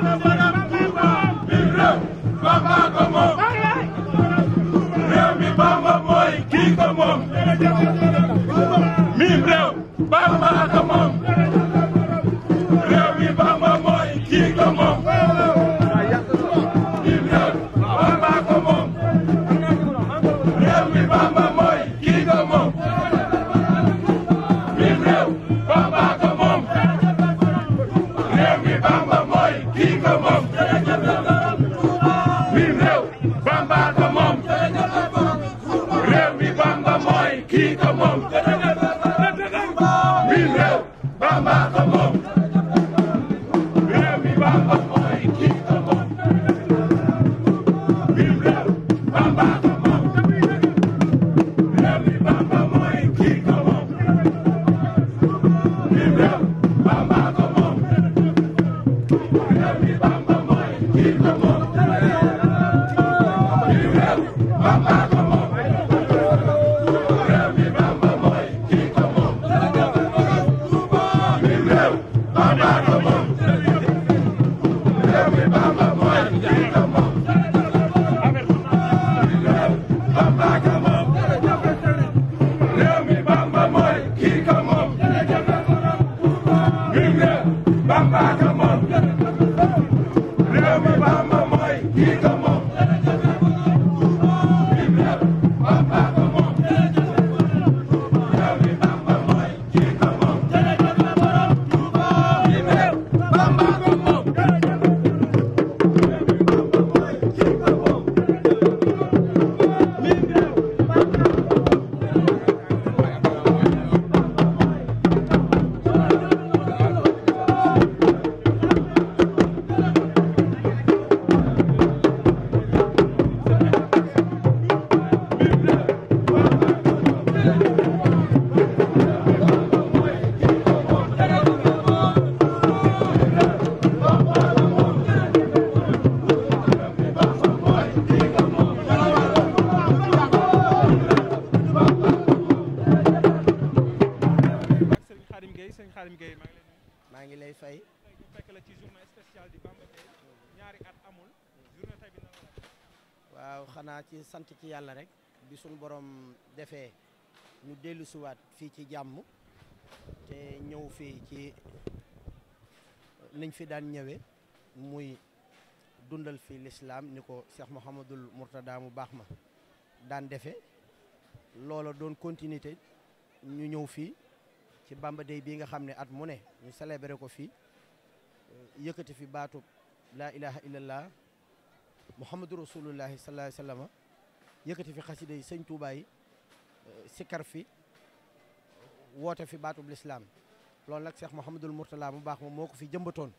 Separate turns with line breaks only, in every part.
Barbara!
xanaa ci sant ci yàlla rek bi suñu borom defee ñu dellu siwaat fii ci jàmm te ñëw fii ci niñ fi daan ñëwee muy dundal fi lislaam ni ko Cheikh Mouhamadul Mourtada mu baax ma daan defe loola doon continuité ñu ñëw fii ci Bamba Day bii nga xam ne at mu ne ñu célébré ko fii yëkkati fi baatub laa ilaha illallah muhammadu rasulullahi sallallahu alayhi wa sallam yëkkati fi xasida yi sëñ Tuubaa yi eh, sikar fi woote fi baatub lislaam loolu nag Cheikh Mouhamadul Mourtala mu baax moom moo ko fi jëmbatoon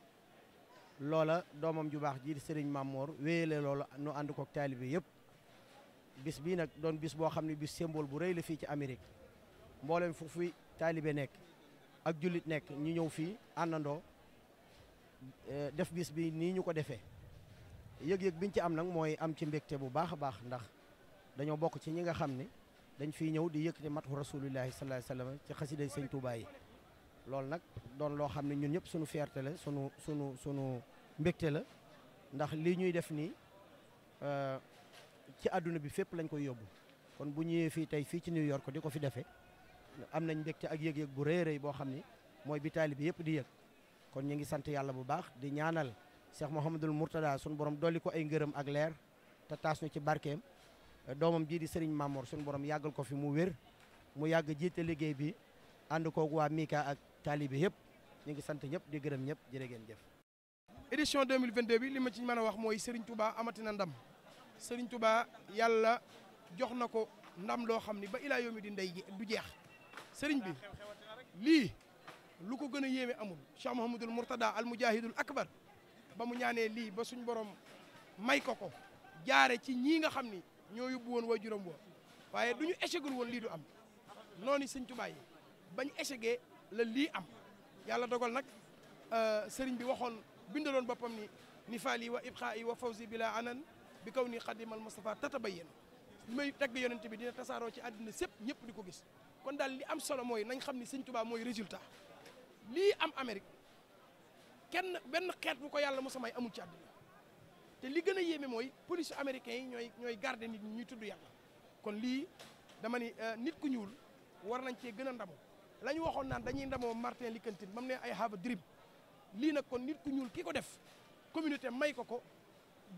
loola doomam ju baax ji di sëriñ Mamor wéyale loolu nu ànd koog taalibe yëpp bis bii nag doon bis boo xam ne bis symbole bu rëy la fii ci Amérique mboolem fu fi taalibe nekk ak jullit nekk ñu ñëw fii àndandoo eh, def bis bi nii ñu ko defee yëg-yëg bi ñu ci am nag mooy am ci mbégte bu baax a baax ndax dañoo bokk ci ñi nga xam ne dañ fiy ñëw di yëkkati matu rasulillahi sallallahu alayhi wasallam ci xasiday sëñ Touba yi loolu nag doon loo xam ne ñun ñëpp suñu fierté la sunu sunu sunu mbégte la ndax lii ñuy def nii euh, ci àdduna bi fépp lañ koy yóbbu kon bu ñëwee fii tey fii ci New York di ko fi defee am nañ mbégte ak yëg-yëg bu rëy a boo xam ne mooy bi taali bi yëpp di yëg kon ñu ngi sant yàlla bu baax di ñaanal Cheikh Mouhamadul Mourtada sunu borom dolli ko ay ngërëm ak leer te taas ñu ci barkeem doomam jii di Serigne Mamour sunu borom yàggal ko fi mu wér mu yàgg jiite liggéey bi ànd koog waa Mika ak taalibe yëpp ñu ngi sant ñëpp di gërëm ñëpp jërë ngeen jëf.
édition 2022 bi li ma ci mën a wax mooy Serigne Touba amati na ndam Serigne yàlla jox na ko ndam loo xam ni ba ilaa yomi di ndey du jeex Serigne bi lii lu ko gën a yéeme amul Cheikh Mouhamadul Mourtada al mujahidul akbar ba mu ñaanee lii ba suñ borom may ko ko jaare ci ñii nga xam ni ñoo yóbbu woon waajuram wa waaye du ñu échegul woon lii du am noonu sëñ Tuubaa yi bañ échegee la lii am yàlla dogal nag euh, sëriñ bi waxoon bindaloon boppam ni nifaali wa ibxaa'i wa fawzi bila anan bi kaw ni bay Mustafa tatabayyan may tagg yonent bi dina tasaaroo ci àddina sépp ñëpp di ko gis kon daal di am solo mooy nañ xam ni sëñ mooy résultat lii am Amérique kenn benn xeet bu ko yàlla mos a may amul ci àdduna te li gën a yéeme mooy police américain yi ñooy ñooy garder nit ñi ñuy tudd yàlla kon lii dama ni euh, nit ku ñuul war nañ cee gën a ndamoo la ñu waxoon naan dañuy ndamoo Martin Luther mam ne ay have a lii nag kon nit ku ñuul ki ko def communauté may ko ko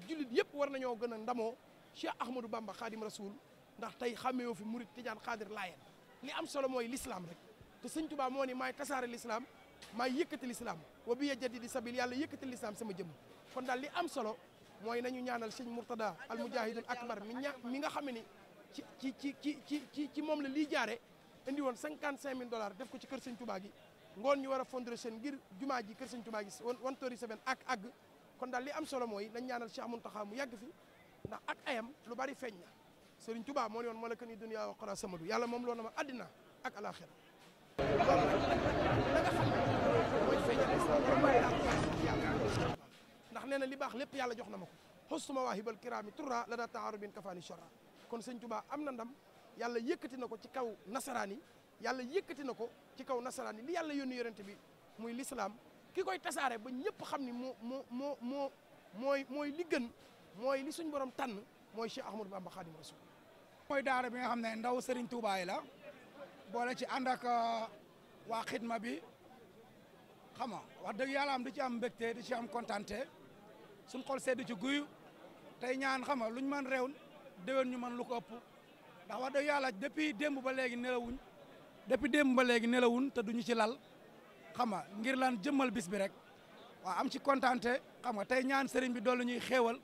jullit yëpp war nañoo gën a ndamoo Cheikh Ahmadou Bamba Khadim Rasoul ndax tey xàmmeewoo fi murit tijaan xaadir laayeen li am solo mooy l'islam rek te sëñ Tuubaa moo ni maay tasaare l'islam maa yëkkati lislaam wa bi yajadidi sabil yàlla yëkkati lislaam sama jëmm kon daal li am solo mooy nañu ñaanal sëñ Mourtada al mujahidul akbar mi ña mi nga xam ne ci ci ci ci ci ci ci moom la lii jaare indi woon cinquante cinq mille dollars def ko ci kër sëñ Touba gi ngoon ñu war a fondre seen ngir jumaa ji kër sëñ Touba gi wan tori semaine ak kon daal li am solo mooy nañ ñaanal Cheikh Mountakha mu yàgg fi ndax ak ayam lu bari feeñ na Sëriñ moo ne woon moo la kën i duniyaa wa qara samadu yàlla moom loo na ma ndax nee na li baax lépp yàlla jox na ma ko xostuma waa hibal kiraami turra la daa taxaaru kafaani shorra kon sëñ Tuubaa am na ndam yàlla yëkkati na ko ci kaw nasaraan yi yàlla yëkkati na ko ci kaw nasaraan yi li yàlla yónni yorente bi muy lislaam ki koy tasaare ba ñëpp xam ni moo moo moo moo mooy mooy
li li suñ borom tànn mooy Cheikh Ahmadou Bamba Xaadimu Rasuul mooy daara nga xam ne ndaw Serigne Touba la boole ci ànd ak uh, waa xidma bi xam nga wax dëgg yàlla am di ci am mbégte di ci am kontante suñ xol sedd ci guyu tey ñaan xam lu luñ man réew déwén ñu man lu ko ëpp ndax wax dëgg yàlla depuis démb ba léegi nelawuñ depuis démb ba léegi nelawuñ te duñu ci lal xam nga ngir lan jëmmal bis bi rek waa am ci kontante xam nga tey ñaan sëriñ bi doolu ñuy xéewal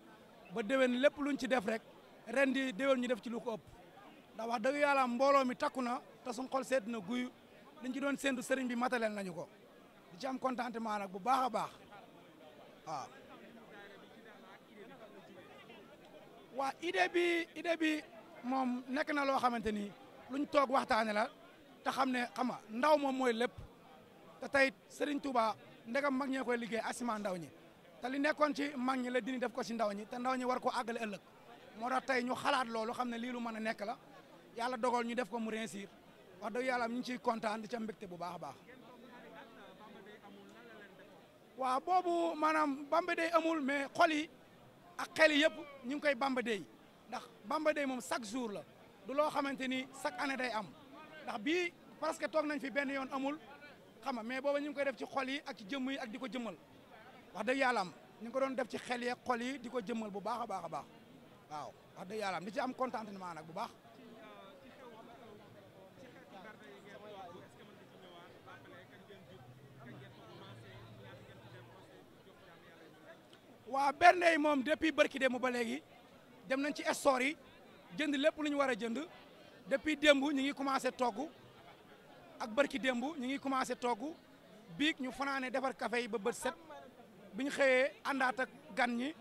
ba dëwen lépp luñ ci def rek ren di déwén ñu def ci lu ëpp ndax wax dëgg yàlla mbooloo mi takku na te suñ seet na guy liñ ci doon séntu sëriñ bi mataleel nañu ko di ci am contentement nag bu baax a baax waaw waa idée bi idée bi moom nekk na loo xamante ni luñ toog waxtaane la te xam ne xam nga ndaw moom mooy lépp te tey Serigne Touba ndegam mag ñee koy liggéey asima ndaw ñi te li nekkoon ci mag ñi la dini def ko si ndaw ñi te ndaw ñi war ko àggale ëllëg moo tax tey ñu xalaat loolu xam ne lii lu mën a nekk la yàlla dogal ñu def ko mu réussir wax dëgg yàlla ñu ngi ciy kontaan di ca mbégte bu baax a baax. waaw boobu maanaam Bamba Day amul mais xol yi ak xel yi yëpp ñu ngi koy Bamba dey ndax Bamba Day moom chaque jour la du loo xamante ni chaque année day am ndax bii parce que toog nañ fi benn yoon amul xam nga mais boobu ñu ngi koy def ci xol yi ak ci jëmm yi ak di ko jëmmal wax dëgg yàlla am ñu ngi ko doon def ci xel yi ak xol yi di ko jëmmal bu baax a baax a baax waaw wax dëgg yàlla am ci am contentement nag bu baax. waa bernde yi moom depuis barki dembu ba léegi dem nañ ci store yi jënd lépp lu ñu war a jënd depuis démb ñu ngi commencé togg ak barki démb ñu ngi commencé togg biig ñu fanaane defar café yi ba bët set bi ñu xëyee àndaat ak gan ñi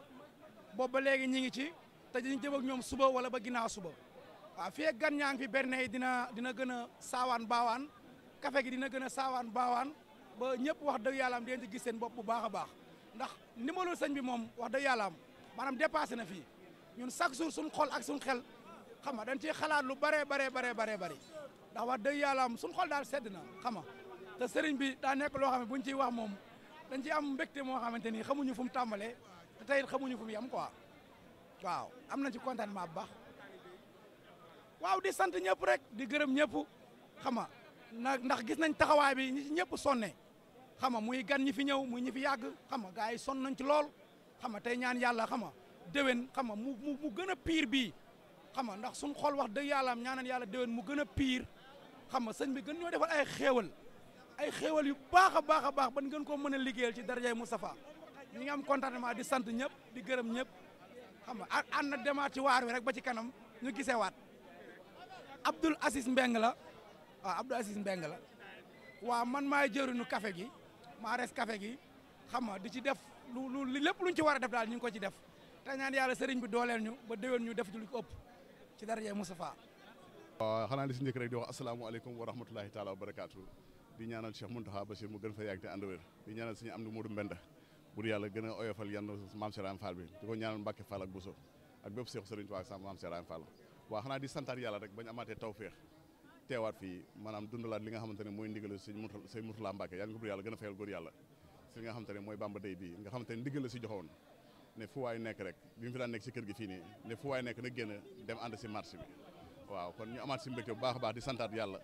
boobu ba léegi ñi ngi ci te dañu jëm ak ñoom suba wala ba ginaaw suba waaw fii gan ñaa ngi fi berne yi dina dina gën a saawaan baawaan kafe gi dina gën a saawaan baawaan ba ñëpp wax dëgg yàlla am dinañ ci gis seen bopp bu baax a baax ndax ndimbalul sëñ bi moom wax dëgg yàlla am maanaam dépassé na fii ñun chaque jour suñu xol ak suñu xel xam nga dañ ciy xalaat lu baree baree baree baree bëri ndax wax dëgg yàlla am suñu xol daal sedd na xam nga te sëriñ bi daa nekk loo xam ne buñ ciy wax moom dañ ciy am mbégte moo xamante ni xamuñu fu mu tàmbalee tey xamuñu fu mu yem quoi waaw am nañ ci contentement bu baax waaw di sant ñëpp rek di gërëm ñëpp xam nga nag ndax gis nañ taxawaay bi ñi ci ñëpp sonne xam nga muy gan ñi fi ñëw muy ñi yàgg xam nga gars yi sonn nañ ci lool xam nga tey ñaan yàlla xam nga déwén xam nga mu mu mu gën a piir bii xam nga ndax suñu xol wax dëgg yàlla am yàlla déwén mu gën a piir xam nga sëñ bi gën ñoo defal ay xéewal ay xéewal yu baax a baax a baax ban gën koo mën a liggéeyal ci darajay Moustapha ñi ngi am contentement di sant ñëpp di gërëm ñëpp xam nga ànd na demaat ci waar wi rek ba ci kanam ñu gisewaat waat Aziz Mbeng la waaw Abdoul Aziz Mbeng la waaw man maay jëriñu café gi maa maares kafe gi xam nga di ci def lu lu lépp luñ ci war a def daal ñu ngi ko ci def te ñaan yàlla sëriñ bi dooleel ñu ba déwén ñu def ci lu ko ëpp ci daraje Moustapha
waaw xanaa li si njëkk rek di wax asalaamaaleykum wa rahmatulahi taala wa barakaatu di ñaanal Cheikh Mountakha Bachir mu gën fa yàgg te ànd wér di ñaanal suñu am di Modou Mbenda bur yàlla gën a oyofal yan maam Serigne Fall bi di ko ñaanal Mbacke Fall ak Bousso ak bépp Cheikh Serigne Touba ak sa maam Serigne Fall waaw teewaat fii maanaam dundalaat li nga xamante ne mooy ndigal sëñ Murtala sëñ Murtala Mbàkke nga bur yàlla gën a fayal góor yàlla si nga xamante ne mooy Bamba Day bii nga xamante ne ndigal la si joxoon ne fu waay nekk rek bi mu fi daan nekk si kër bi waaw kon ñu amaat si mbégte bu baax a baax di santaat yàlla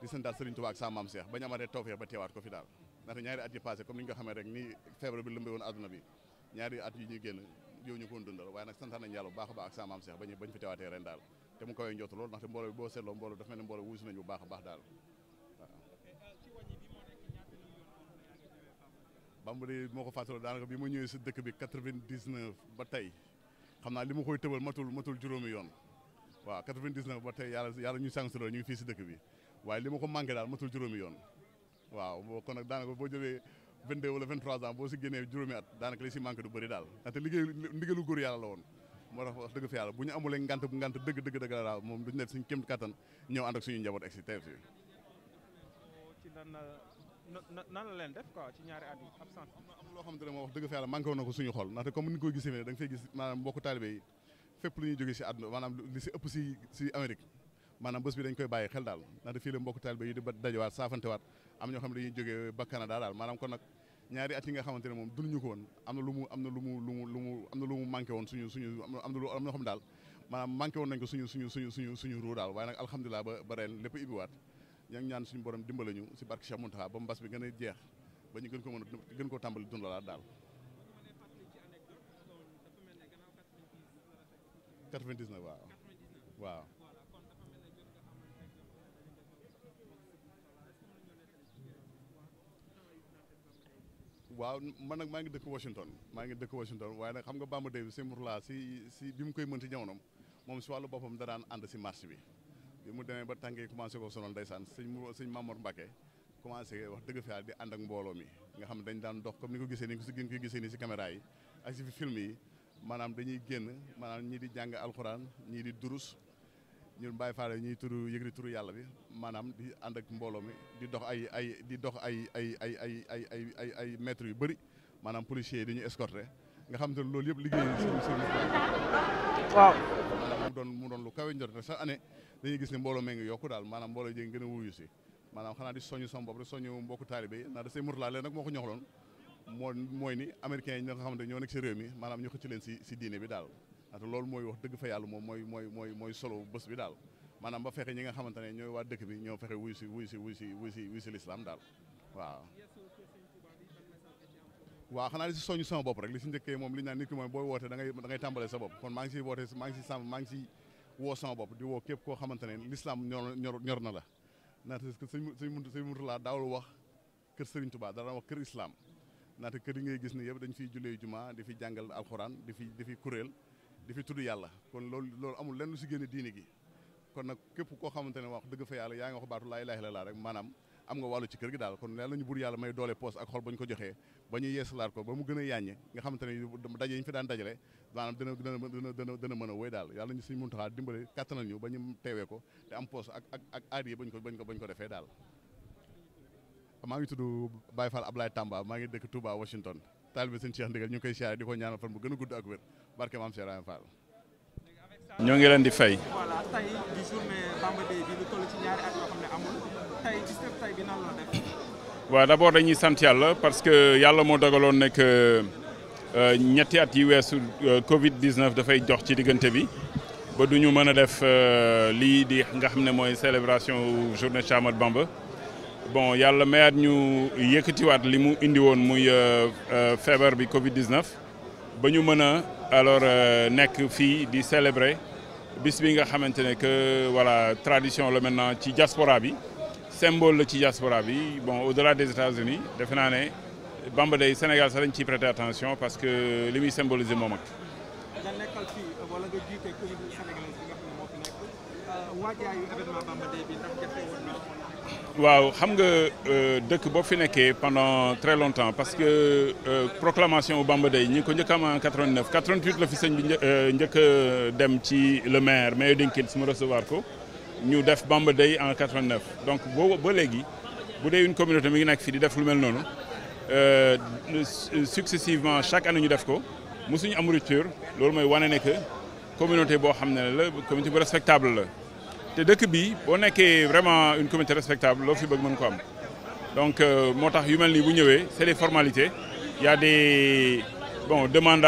di santaat Sëriñ Tuubaa ak sa maam Seex ba ñu amatee tawfeex ba teewaat ko fi daal ndaxte ñaari at yi passé comme ni ñu ko xamee rek nii feebar bi lëmbee woon àdduna bi ñaari at a baax ak sa maam te mu kawee njott loolu ndaxte mbooloo bi boo seetloo mbooloo dafa mel ne mbooloo wuusi nañu bu baax a baax daal ko fàttaloo daanaka bi ma ñëwee si dëkk bi quatre-vingt-dix-neuf ba tey xam naa li ma koy tëbal matul matul juróomi yoon waaw quatre-vingt-dix-neuf ba tey yàlla yàlla ñu sàng si loolu ñu fii si dëkk bi waaye li ma ko manqué daal matul juróomi yoon waaw kon nag daanaka boo jëlee. 22 wala 23 ans boo si génnee juróomi at daanaka li si manqué du bëri daal ndaxte liggéey yàlla la woon moo tax wax dëgg fa yàlla bu ñu amulee ngant bu ngant dëgg dëgg dëgg la moom duñu nekk suñu kéem kattan ñëw ànd ak suñu njaboot egsi teew si
ñaari at yi absent am loo xamante
ne moo dëgg fa yàlla manqué woon na ko suñu xol ndaxte comme ni ko gisee ne da nga fay gis maanaam mbokku taalibe yi fépp lu ñuy jógee si àdduna maanaam li si ëpp si si Amérique maanaam bés bi dañ koy bàyyi xel daal ndaxte fii la mbokku taalibe yi di dajewaat saafantewaat am ñoo xam ne dañuy jógee ba Canada daal maanaam kon nag ñaari at yi nga xamante ne moom duñu ko woon am na lu mu am na lu mu lu mu lu mu am woon suñu suñu am na am na xam daal maanaam manqué woon nañ ko suñu suñu suñu suñu suñu ruu daal waaye nag alhamdulilah ba ba lépp ibiwaat ña ngi ñaan suñu borom dimbale ñu si barke Cheikh Mountakha ba mbas bi gën a jeex ba ñu gën ko mën a gën koo tàmbali dundalaat daal 99 waaw waaw waaw man nag maa ngi dëkk Washington maa ngi dëkk Washington waaye nag xam nga Bamba Davis si Mourala si si bi mu koy mënti jamonoom moom si wàllu boppam da daan ànd si marché bi bi mu demee ba tànkee commencé ko sonal ndeysaan sëñ sëñ Mamour Mbacke commencé wax dëgg fa di ànd ak mbooloo mi nga xam dañ daan dox comme ni ko gisee ni si gën koy gisee nii si caméra yi ak si film yi maanaam dañuy génn maanaam ñii di jàng alxuraan ñii di durus ñun Baye Fall ñuy turu yëgri turu yàlla bi maanaam di ànd ak mbooloo mi di dox ay ay di dox ay ay ay ay ay ay ay ay mètres yu bëri maanaam policiers yi dañuy escorter nga xam te ne loolu yëpp liggéey suñu service waaw maanaam mu doon mu doon lu kawe njort chaque année dañuy gis ne mbooloo mee ngi yokku daal maanaam mbooloo jéngi gën a wuyu si maanaam xanaa di soñu sama bopp soñu mbokku taalibe yi ndax da say leen nag moo ko ñoxloon moo mooy ni américains yi nga xamante ñoo nekk si réew mi maanaam ñu xëcc leen si si diine bi daal ndaxte loolu mooy wax dëgg fa yàlla moom mooy mooy mooy mooy solo bés bi daal maanaam ba fexe ñi nga xamante ne ñooy waa dëkk bi ñoo fexe wuy si wuy si wuy si wuy si wuy si lislaam daal waaw xanaa li si soñu sama bopp rek li si njëkkee moom li ñu ni nit ki mooy booy woote da ngay da ngay tàmbalee sa bopp kon maa ngi siy woote maa ngi si sàmm maa ngi si woo sama bopp di woo képp koo xamante lislaam ñor na la naata sëñ sëñ Muntaxa sëñ Muntaxa daawul wax kër Sëriñ Tuubaa dara wax kër islam naata kër yi ngay gis ni yëpp dañ fiy jullee juma di fi jàngal alxuraan di fi di fi kuréel di fi tudd yàlla kon loolu loolu amul lenn lu si génne diini gi kon na képp koo xamante ne wax dëgg fa yàlla yaa ngi wax baatu laa ilaaha illallaah rek maanaam am nga wàllu ci kër gi daal kon yàlla ñu bur yàlla may doole poos ak xol ba ñu ko joxee ba ñu yeesalaat ko ba mu gën a yàññe nga xamante ne daje ñu fi daan dajale maanaam dana dana dana dana mën a wéy daal yàlla ñu suñ muntaxaa dimbale kàttanal ñu ba ñu teewee ko te am poos ak ak ak aadiyee ko bañ ko bañ ko defee daal maa ngi tudd Baye Fall Ablaye Tamba maa ngi dëkk Touba Washington taalibe sëñ Cheikh Ndigal ñu koy siyaare di ko ñaanal fan bu gën a gudd ak wér barke maam Cheikh Ibrahima Fall
ñoo ngi leen di fay. voilà tey di waaw d' dañuy sant yàlla parce que yàlla moo dagaloon nekk euh, ñetti at yi weesu euh, Covid 19 dafay jox ci diggante bi ba du ñu mën a def euh, lii di nga xam ne mooy célébration journée Cheikh Ahmadou Bamba. bon yàlla mayaat ñu yëkkatiwaat li mu indi woon muy euh, euh, feebar bi Covid 19 ba ñu mën a alors euh, nekk fii di célébrer bis bi nga xamante ne que voilà tradition la maintenant ci diaspora bi symbole la ci diaspora bi bon au-delà des États-Unis defe naa ne Bamba Day Sénégal sax dañ ciy prêter attention parce que li muy symboliser moom waaw xam nga euh, dëkk boo fi nekkee pendant très longtemps parce que euh, proclamation bu Bamba Day ñi ko njëkk am en 89 88 la fi sëñ bi euh, njëkk dem ci le maire Mayo Dinkins mu recevoir ko ñu def Bamba Day en 89 donc boo ba léegi bu dee une communauté mi ngi nekk fii di def lu mel noonu successivement chaque année ñu def ko mosuñu am rupture loolu mooy wane ne que communauté boo xam ne la communauté bu respectable la te dëkk bi boo nekkee vraiment une communauté respectable loo fi bëgg mën ko am donc euh, moo tax yu mel nii bu ñëwee c'est des formalités il y a des bon demandes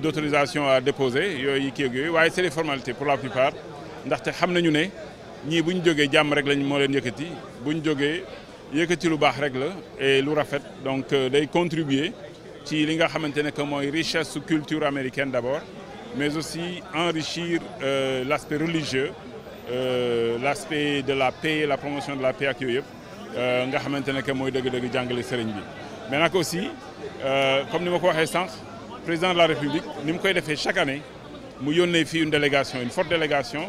d'autorisation à déposer yooyu kii yooyu waaye c'est des formalités pour la plupart ndaxte xam nañu ne ñii bu ñu jógee jàmm rek lañ moo leen yëkkati bu ñu jógee yëkkati lu baax rek la et lu rafet donc euh, day contribuer ci li nga xamante ne que mooy richesse su culture américaine d'abord mais aussi enrichir euh, l'aspect religieux euh, l'aspect de la paix la promotion de la paix ak yooyu yëpp euh, nga xamante ne que mooy dégg dëgg jàngale sëriñ bi. mais nag aussi euh, comme ni ma ko waxee sànq président de la république ni mu koy defee chaque année mu yónnee fii une délégation une forte délégation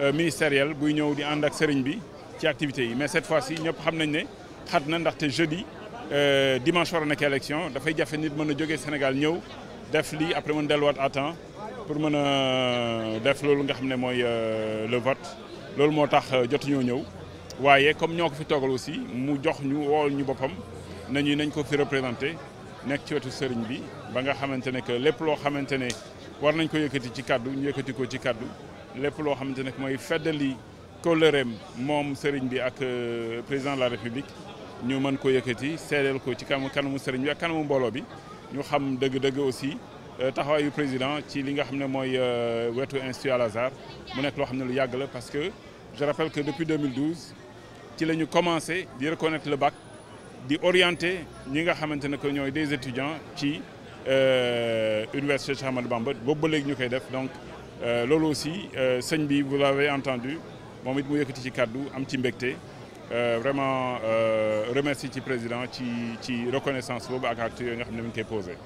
euh, ministérielle buy ñëw di ànd ak sëriñ bi ci activités yi mais cette fois-ci ñëpp xam nañ ne xat na ndaxte jeudi. dimanche war a nekk élection dafay jafe nit mën a jógee Sénégal ñëw def lii après mën delluwaat à temps pour mën a def loolu nga xam ne mooy euh, le vote loolu moo tax euh, jotuñoo ñëw waaye comme ñoo ko fi toogal aussi mu jox ñu wool ñu boppam nañu nañ ko fi représenté nekk ci wetu sëriñ bi ba nga xamante ne que lépp loo xamante ne war nañ ko yëkkati ci kaddu ñu yëkkati ko ci kàddu lépp loo xamante ne que mooy feddali kóllëreem moom sëriñ bi ak euh, président de la république ñu mën ko yëkkati seedeel ko ci kanamu kanamu sëriñ bi ak kanamu mbooloo bi ñu xam dëgg-dëgg aussi Euh, taxawaayu président ci li nga xam ne mooy euh, wetu institut Al Azhar mu nekk loo xam ne lu yàgg la parce que je rappelle que depuis 2012 ci la ñu commencé di reconnaître le bac di orienter ñi nga xamante ne que ñooy des étudiants ci euh, université Cheikh Ahmadou Bamba boobu ba léegi ñu koy def donc loolu aussi sëñ bi vous l'avez entendu moom it mu yëkkati ci kàddu am ci mbégte vraiment remercie ci président ci ci reconnaissance boobu ak acte yooyu nga xam ne mi ngi koy posé.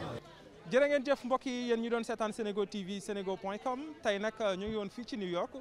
jërë ngeen jëf mbokk yi yéen ñu doon seetaan Senego TV senego point com tey nag euh, ñu ngi woon fii ci New York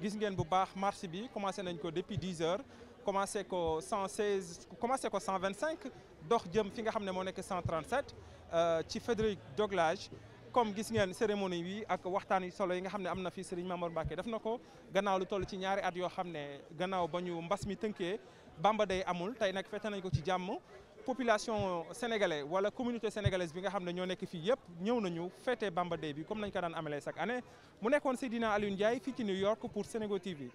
gis ngeen bu baax marche bi commencé nañ ko depuis 10 heures commencé ko 116 commencé ko 125 dox jëm fi nga xam ne moo nekk 137 euh, ci Frédéric Doglage comme gis ngeen cérémonie bi ak waxtaan yu solo yi nga xam ne am na fi Serigne Mamour Mbacké def na ko gannaaw lu toll ci ñaari at yoo xam ne gannaaw ba ñu mbas mi tënkee Bamba Day amul tey nag fete nañ ko ci jàmm population sénégalais wala communauté sénégalaise bi nga xam ne ñoo nekk fii yëpp ñëw nañu fête Bamba Day bi comme nañ ko daan amalee chaque année mu nekkoon Seydina Alioune Ndiaye fii ci New York pour Senego TV